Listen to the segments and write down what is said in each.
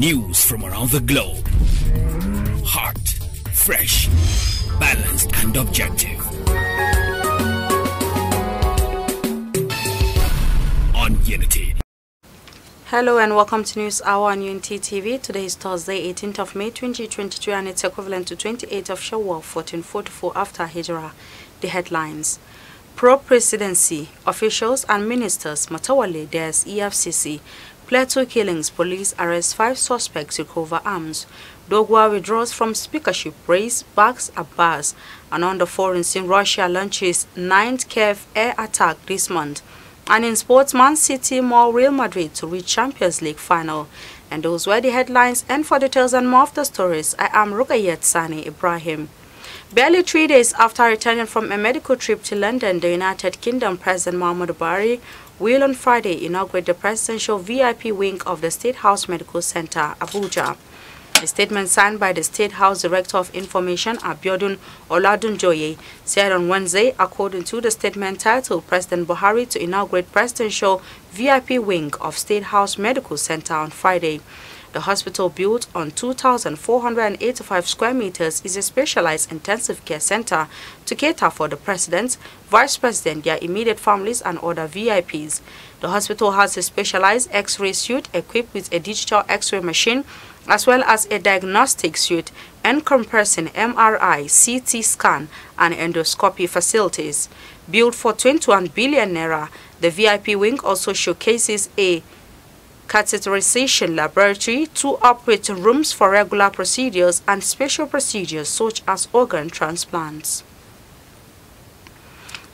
News from around the globe. Hot, fresh, balanced and objective. On Unity. Hello and welcome to News Hour on UNT TV. Today is Thursday, 18th of May 2022 and it's equivalent to 28th of Shawwal 1444 after Hijrah. The headlines. Pro-presidency officials and ministers Matawale Des EFCC Plateau killings, police arrest five suspects, recover arms. Dogwa withdraws from speakership race, backs Abbas. And on the foreign scene, Russia launches ninth Kiev air attack this month. And in sports, Man City more Real Madrid to reach Champions League final. And those were the headlines. And for details and more of the stories, I am Rukayet Sani Ibrahim. Barely three days after returning from a medical trip to London, the United Kingdom President Mahmoud Buhari will on Friday inaugurate the presidential VIP wing of the State House Medical Center, Abuja. A statement signed by the State House Director of Information, Abiodun Oladunjoye, said on Wednesday, according to the statement titled President Buhari to inaugurate presidential VIP wing of State House Medical Center on Friday. The hospital built on 2,485 square meters is a specialized intensive care center to cater for the president, vice president, their immediate families and other VIPs. The hospital has a specialized x-ray suite equipped with a digital x-ray machine as well as a diagnostic suite encompassing MRI, CT scan, and endoscopy facilities. Built for 21 billion naira, the VIP wing also showcases a catheterization laboratory, two operating rooms for regular procedures and special procedures such as organ transplants.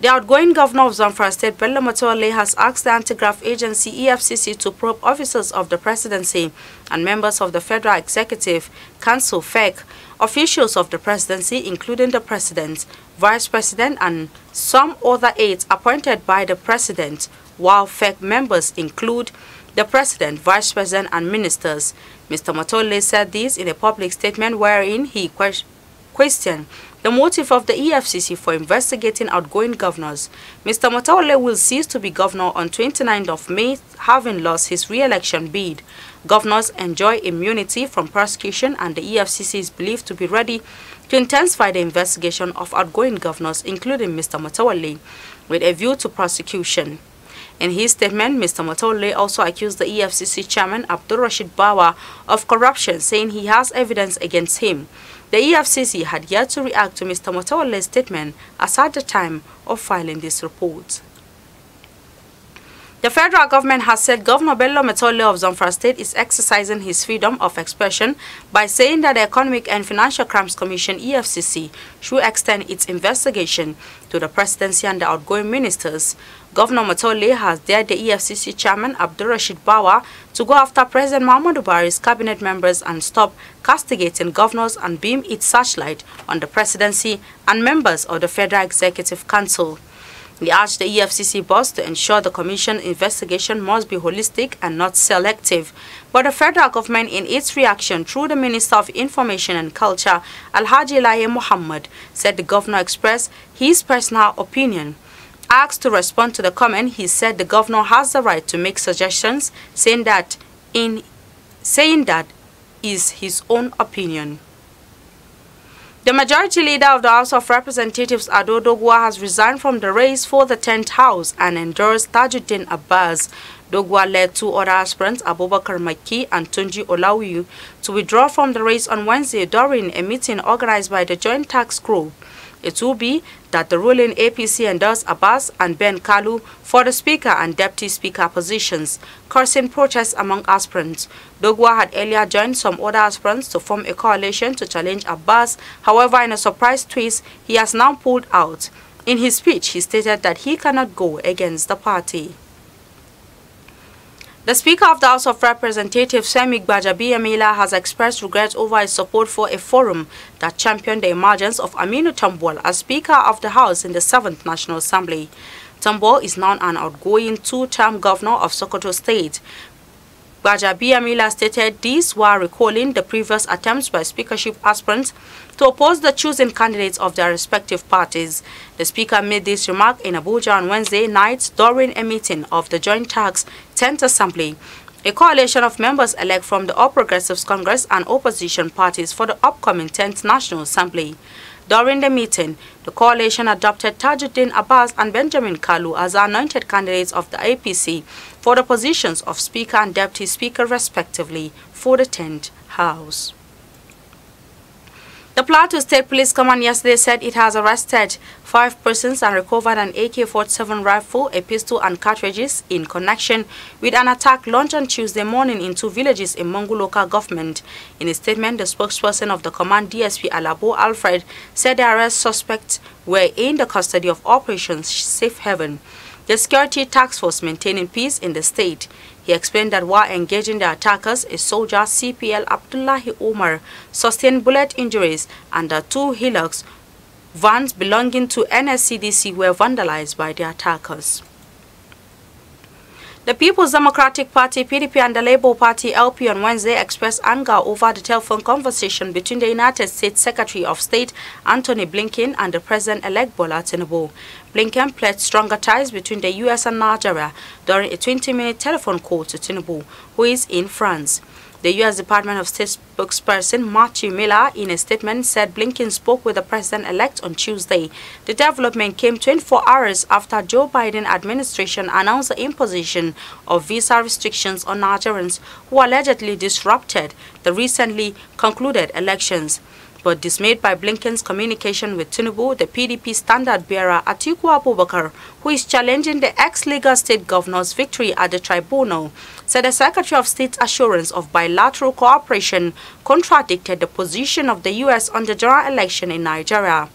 The outgoing governor of Zamfara State, Bello Matole, has asked the anti-graft agency EFCC to probe officers of the presidency and members of the Federal Executive Council, FEC, officials of the presidency, including the president, vice president, and some other aides appointed by the president, while FEC members include the President, Vice President and Ministers. Mr. Matole said this in a public statement wherein he que questioned the motive of the EFCC for investigating outgoing governors. Mr. Matole will cease to be governor on 29th of May, having lost his re-election bid. Governors enjoy immunity from prosecution and the EFCC is believed to be ready to intensify the investigation of outgoing governors, including Mr. Matawale, with a view to prosecution. In his statement, Mr. Matole also accused the EFCC chairman Abdul Rashid Bawa of corruption, saying he has evidence against him. The EFCC had yet to react to Mr. Matawalla's statement as at the time of filing this report. The federal government has said Governor Bello Metole of Zamfara State is exercising his freedom of expression by saying that the Economic and Financial Crimes Commission EFCC should extend its investigation to the presidency and the outgoing ministers. Governor Metole has dared the EFCC chairman Abdurrashid Bawa to go after President Muhammadu Buhari's cabinet members and stop castigating governors and beam its searchlight on the presidency and members of the Federal Executive Council. We urge the EFCC boss to ensure the commission investigation must be holistic and not selective. But the federal government in its reaction through the Minister of Information and Culture, Alhaji Laye Muhammad, said the governor expressed his personal opinion. Asked to respond to the comment, he said the governor has the right to make suggestions, saying that in saying that is his own opinion. The majority leader of the House of Representatives, Adodo Dogwa, has resigned from the race for the 10th House and endorsed Tajuddin Abbas. Dogwa led two other aspirants, Abubakar Maki and Tunji Olawiyu, to withdraw from the race on Wednesday during a meeting organized by the Joint Tax Group. It will be that the ruling APC endorsed Abbas and Ben Kalu for the Speaker and Deputy Speaker positions, causing protests among aspirants. Dogwa had earlier joined some other aspirants to form a coalition to challenge Abbas. However, in a surprise twist, he has now pulled out. In his speech, he stated that he cannot go against the party. The Speaker of the House of Representatives, Semi Gbajabiyamila, has expressed regret over his support for a forum that championed the emergence of Aminu Tambol as Speaker of the House in the 7th National Assembly. Tambol is now an outgoing two-term governor of Sokoto State, Gbajabiya Mila stated these were recalling the previous attempts by speakership aspirants to oppose the chosen candidates of their respective parties. The speaker made this remark in Abuja on Wednesday night during a meeting of the Joint Tax 10th Assembly. A coalition of members elect from the All Progressives Congress and opposition parties for the upcoming 10th National Assembly. During the meeting, the coalition adopted Tajuddin Abbas and Benjamin Kalu as anointed candidates of the APC for the positions of Speaker and Deputy Speaker respectively for the 10th House. The Plateau State Police Command yesterday said it has arrested five persons and recovered an AK-47 rifle, a pistol and cartridges in connection with an attack launched on Tuesday morning in two villages in Mongo local government. In a statement, the spokesperson of the command, DSP Alabo Alfred, said the arrest suspects were in the custody of Operation Safe Haven, the security task force maintaining peace in the state. He explained that while engaging the attackers, a soldier, CPL Abdullahi Omar, sustained bullet injuries and the two Hilux vans belonging to NSCDC were vandalized by the attackers. The People's Democratic Party, PDP and the Labour Party, LP on Wednesday expressed anger over the telephone conversation between the United States Secretary of State, Anthony Blinken, and the President-elect Bola Tinubu. Blinken pledged stronger ties between the U.S. and Nigeria during a 20-minute telephone call to Tinubu, who is in France. The U.S. Department of State spokesperson Matthew Miller, in a statement, said Blinken spoke with the president-elect on Tuesday. The development came 24 hours after Joe Biden administration announced the imposition of visa restrictions on Nigerians who allegedly disrupted the recently concluded elections. But dismayed by Blinken's communication with Tinubu, the PDP standard bearer Atiku Abubakar, who is challenging the ex legal state governor's victory at the tribunal, said the Secretary of State's assurance of bilateral cooperation contradicted the position of the U.S. on the general election in Nigeria.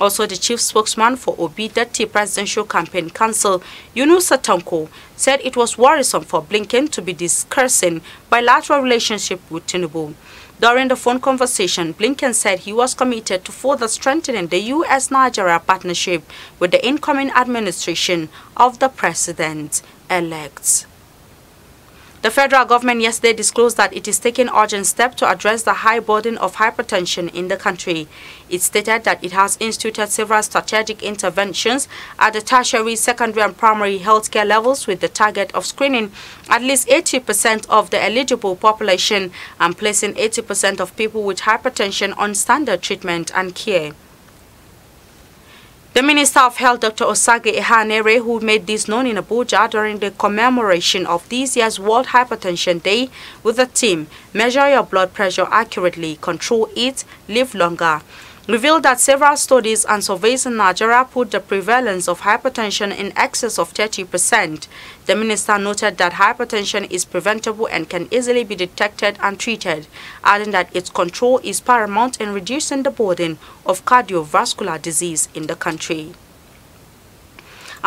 Also, the chief spokesman for Obi Deputy Presidential Campaign Council, Yunus Satanko, said it was worrisome for Blinken to be discussing bilateral relationship with Tinubu. During the phone conversation, Blinken said he was committed to further strengthening the U.S.-Nigeria partnership with the incoming administration of the president-elect. The federal government yesterday disclosed that it is taking urgent steps to address the high burden of hypertension in the country. It stated that it has instituted several strategic interventions at the tertiary, secondary and primary healthcare levels with the target of screening at least 80% of the eligible population and placing 80% of people with hypertension on standard treatment and care. The Minister of Health, Dr. Osage Ihanere, who made this known in Abuja during the commemoration of this year's World Hypertension Day with the team: Measure Your Blood Pressure Accurately, Control It, Live Longer revealed that several studies and surveys in Nigeria put the prevalence of hypertension in excess of 30%. The minister noted that hypertension is preventable and can easily be detected and treated, adding that its control is paramount in reducing the burden of cardiovascular disease in the country.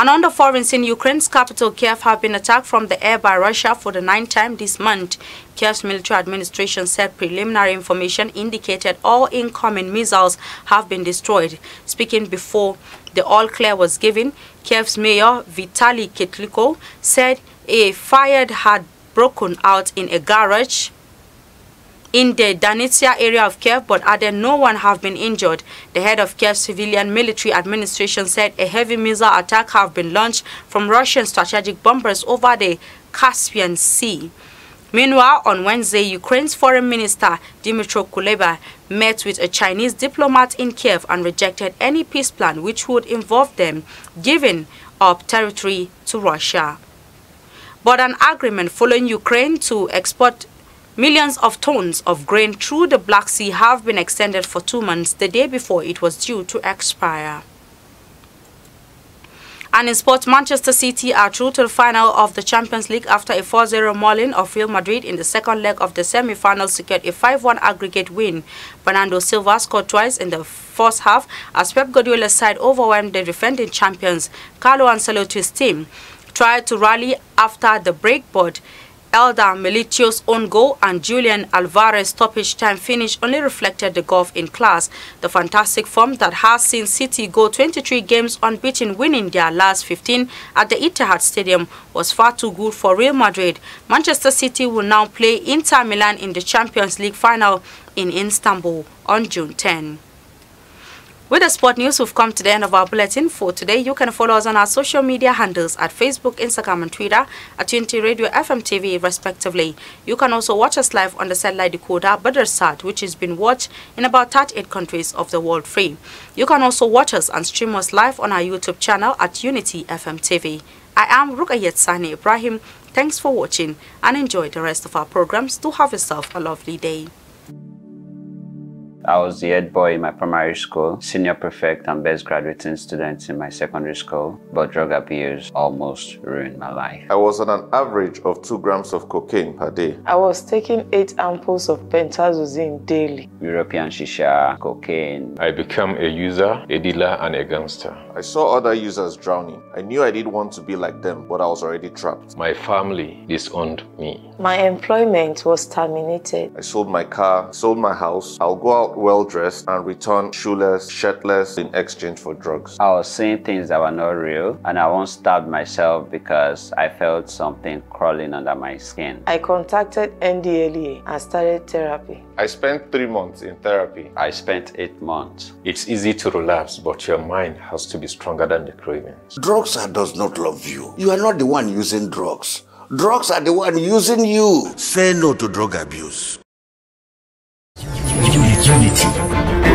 And on the foreign scene, Ukraine's capital Kiev have been attacked from the air by Russia for the ninth time this month. Kiev's military administration said preliminary information indicated all incoming missiles have been destroyed. Speaking before the all-clear was given, Kiev's mayor Vitaly Kitliko said a fire had broken out in a garage in the Danitsia area of Kiev, but other no one have been injured. The head of Kiev Civilian Military Administration said a heavy missile attack have been launched from Russian strategic bombers over the Caspian Sea. Meanwhile, on Wednesday, Ukraine's foreign minister Dmytro Kuleba met with a Chinese diplomat in Kiev and rejected any peace plan which would involve them giving up territory to Russia. But an agreement following Ukraine to export Millions of tons of grain through the Black Sea have been extended for two months the day before it was due to expire. And in sports, Manchester City are through to the final of the Champions League after a 4-0 mauling of Real Madrid in the second leg of the semi-final secured a 5-1 aggregate win. Bernardo Silva scored twice in the first half as Pep Guardiola's side overwhelmed the defending champions Carlo Ancelotti's team. Tried to rally after the break, but Elder Melitio's own goal and Julian Alvarez's stoppage time finish only reflected the golf in class. The fantastic form that has seen City go 23 games unbeaten winning their last 15 at the Etihad Stadium was far too good for Real Madrid. Manchester City will now play Inter Milan in the Champions League final in Istanbul on June 10. With the sport news, we've come to the end of our bulletin for today. You can follow us on our social media handles at Facebook, Instagram and Twitter at Unity Radio FM TV respectively. You can also watch us live on the satellite decoder Badarsat, which has been watched in about 38 countries of the world free. You can also watch us and stream us live on our YouTube channel at Unity FM TV. I am Rukayet Sani Ibrahim. Thanks for watching and enjoy the rest of our programs. Do have yourself a lovely day. I was the head boy in my primary school, senior prefect and best graduating student in my secondary school, but drug abuse almost ruined my life. I was on an average of 2 grams of cocaine per day. I was taking 8 ampoules of pentazosine daily. European shisha, cocaine. I became a user, a dealer and a gangster. I saw other users drowning. I knew I didn't want to be like them, but I was already trapped. My family disowned me. My employment was terminated. I sold my car, sold my house. I'll go out well dressed and return shoeless, shirtless in exchange for drugs. I was seeing things that were not real, and I once stabbed myself because I felt something crawling under my skin. I contacted NDLEA and started therapy. I spent three months in therapy. I spent eight months. It's easy to relapse, but your mind has to be stronger than the cravings. Drugs does not love you. You are not the one using drugs. Drugs are the one using you. Say no to drug abuse. Unity.